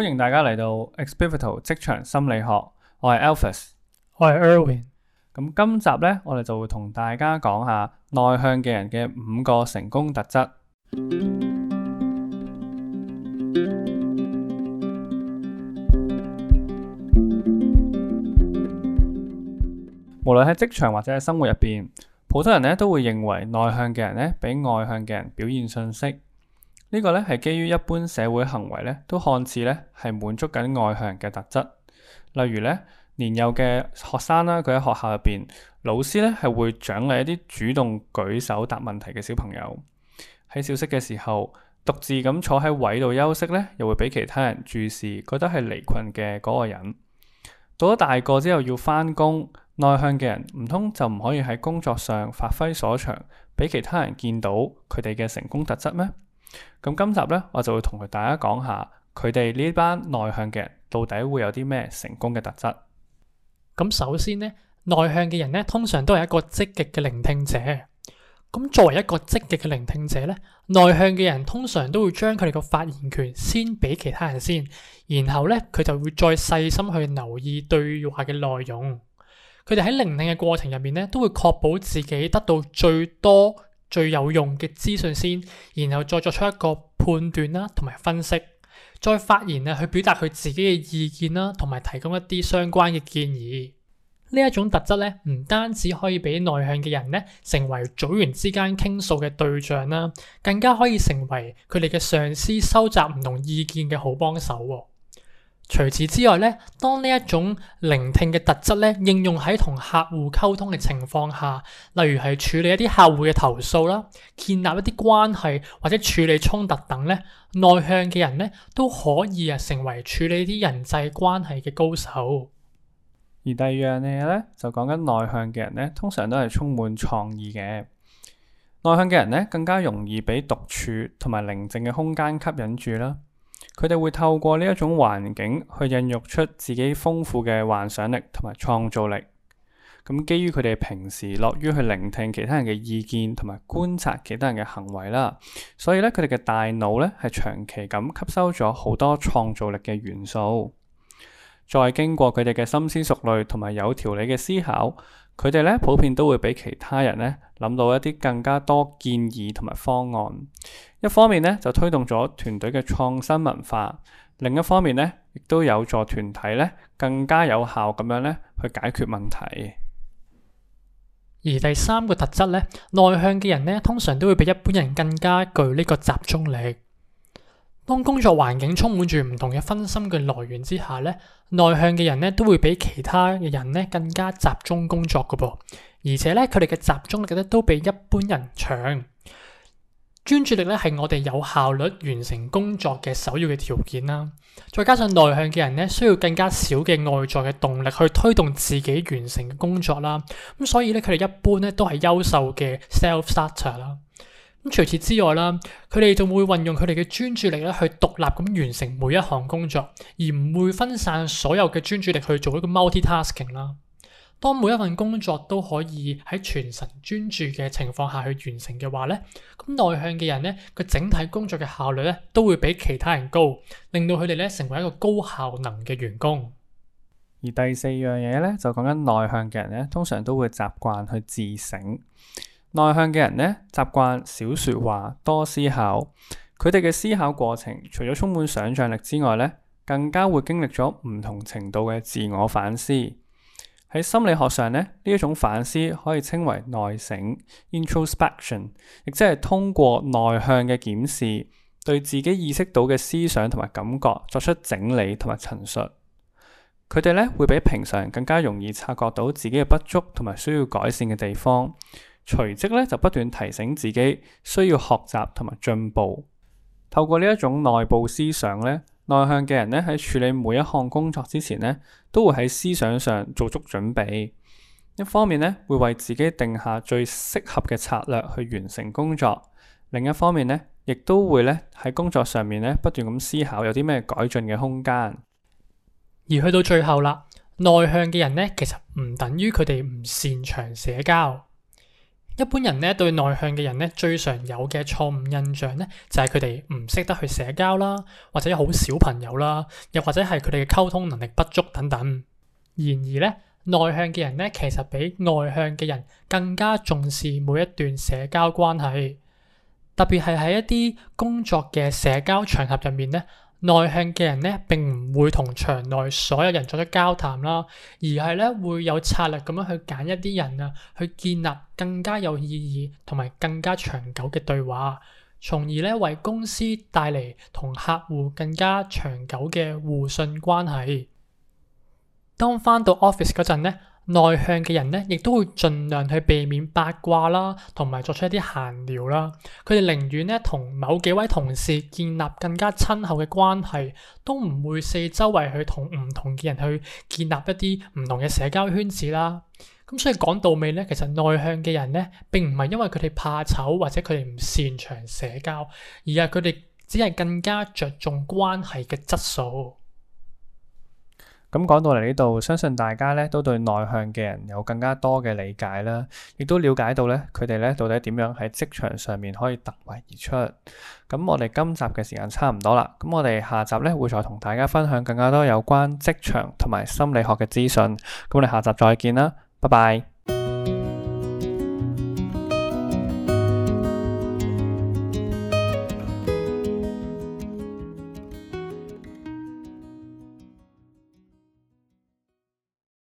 歡迎大家嚟到 Experivital 職場心理學，我係 Alfus，我係 Erwin。咁今集呢，我哋就會同大家講下內向嘅人嘅五個成功特質。 無論喺職場或者喺生活入邊，普通人呢都會認為內向嘅人呢，比外向嘅人表現遜色。個呢個咧係基於一般社會行為咧，都看似咧係滿足緊外向人嘅特質。例如咧，年幼嘅學生啦，佢喺學校入邊，老師咧係會獎勵一啲主動舉手答問題嘅小朋友。喺小息嘅時候，獨自咁坐喺位度休息咧，又會俾其他人注視，覺得係離群嘅嗰個人。到咗大個之後要返工，內向嘅人唔通就唔可以喺工作上發揮所長，俾其他人見到佢哋嘅成功特質咩？咁今集咧，我就會同佢大家講下，佢哋呢班內向嘅人到底會有啲咩成功嘅特質。咁首先呢，內向嘅人呢，通常都係一個積極嘅聆聽者。咁作為一個積極嘅聆聽者呢，內向嘅人通常都會將佢哋個發言權先俾其他人先，然後呢，佢就會再細心去留意對話嘅內容。佢哋喺聆聽嘅過程入面呢，都會確保自己得到最多。最有用嘅資訊先，然後再作出一個判斷啦，同埋分析，再發言呀去表達佢自己嘅意見啦，同埋提供一啲相關嘅建議。呢一種特質咧，唔單止可以俾內向嘅人咧成為組員之間傾訴嘅對象啦，更加可以成為佢哋嘅上司收集唔同意見嘅好幫手喎。除此之外咧，當呢一種聆聽嘅特質咧，應用喺同客戶溝通嘅情況下，例如係處理一啲客戶嘅投訴啦，建立一啲關係或者處理衝突等咧，內向嘅人咧都可以啊成為處理啲人際關係嘅高手。而第二樣嘢咧，就講緊內向嘅人咧，通常都係充滿創意嘅。內向嘅人咧，更加容易畀獨處同埋寧靜嘅空間吸引住啦。佢哋會透過呢一種環境去孕育出自己豐富嘅幻想力同埋創造力。咁基於佢哋平時樂於去聆聽其他人嘅意見同埋觀察其他人嘅行為啦，所以咧佢哋嘅大腦咧係長期噉吸收咗好多創造力嘅元素。再經過佢哋嘅深思熟慮同埋有條理嘅思考，佢哋咧普遍都會比其他人咧諗到一啲更加多建議同埋方案。一方面咧就推動咗團隊嘅創新文化，另一方面咧亦都有助團體咧更加有效咁樣咧去解決問題。而第三個特質咧，內向嘅人咧通常都會比一般人更加具呢個集中力。當工作環境充滿住唔同嘅分心嘅來源之下咧，內向嘅人咧都會比其他嘅人咧更加集中工作㗎噃，而且咧佢哋嘅集中力咧都比一般人強。專注力咧係我哋有效率完成工作嘅首要嘅條件啦。再加上內向嘅人咧需要更加少嘅外在嘅動力去推動自己完成嘅工作啦。咁所以咧佢哋一般咧都係優秀嘅 self starter 啦。咁除此之外啦，佢哋仲會運用佢哋嘅專注力咧，去獨立咁完成每一項工作，而唔會分散所有嘅專注力去做一個 multi-tasking 啦。當每一份工作都可以喺全神專注嘅情況下去完成嘅話咧，咁內向嘅人咧，佢整體工作嘅效率咧，都會比其他人高，令到佢哋咧成為一個高效能嘅員工。而第四樣嘢咧，就講緊內向嘅人咧，通常都會習慣去自省。內向嘅人呢，習慣少說話多思考。佢哋嘅思考過程，除咗充滿想象力之外呢，更加會經歷咗唔同程度嘅自我反思。喺心理學上呢，呢一種反思可以稱為內省 （introspection），亦即係通過內向嘅檢視，對自己意識到嘅思想同埋感覺作出整理同埋陳述。佢哋呢會比平常更加容易察覺到自己嘅不足同埋需要改善嘅地方。隨即咧，就不斷提醒自己需要學習同埋進步。透過呢一種內部思想咧，內向嘅人咧喺處理每一項工作之前咧，都會喺思想上做足準備。一方面咧會為自己定下最適合嘅策略，去完成工作，另一方面咧亦都會咧喺工作上面咧不斷咁思考有啲咩改進嘅空間。而去到最後啦，內向嘅人咧其實唔等於佢哋唔擅長社交。一般人咧對內向嘅人咧最常有嘅錯誤印象咧就係佢哋唔識得去社交啦，或者好少朋友啦，又或者係佢哋嘅溝通能力不足等等。然而咧，內向嘅人咧其實比外向嘅人更加重視每一段社交關係，特別係喺一啲工作嘅社交場合入面咧。內向嘅人咧，並唔會同場內所有人作出交談啦，而係咧會有策略咁樣去揀一啲人啊，去建立更加有意義同埋更加長久嘅對話，從而咧為公司帶嚟同客戶更加長久嘅互信關係。當翻到 office 嗰陣咧。內向嘅人咧，亦都會盡量去避免八卦啦，同埋作出一啲閒聊啦。佢哋寧願咧同某幾位同事建立更加親厚嘅關係，都唔會四周圍去同唔同嘅人去建立一啲唔同嘅社交圈子啦。咁所以講到尾咧，其實內向嘅人咧並唔係因為佢哋怕醜，或者佢哋唔擅長社交，而係佢哋只係更加着重關係嘅質素。咁講到嚟呢度，相信大家咧都對內向嘅人有更加多嘅理解啦，亦都了解到咧佢哋咧到底點樣喺職場上面可以突圍而出。咁我哋今集嘅時間差唔多啦，咁我哋下集咧會再同大家分享更加多有關職場同埋心理學嘅資訊。咁我哋下集再見啦，拜拜。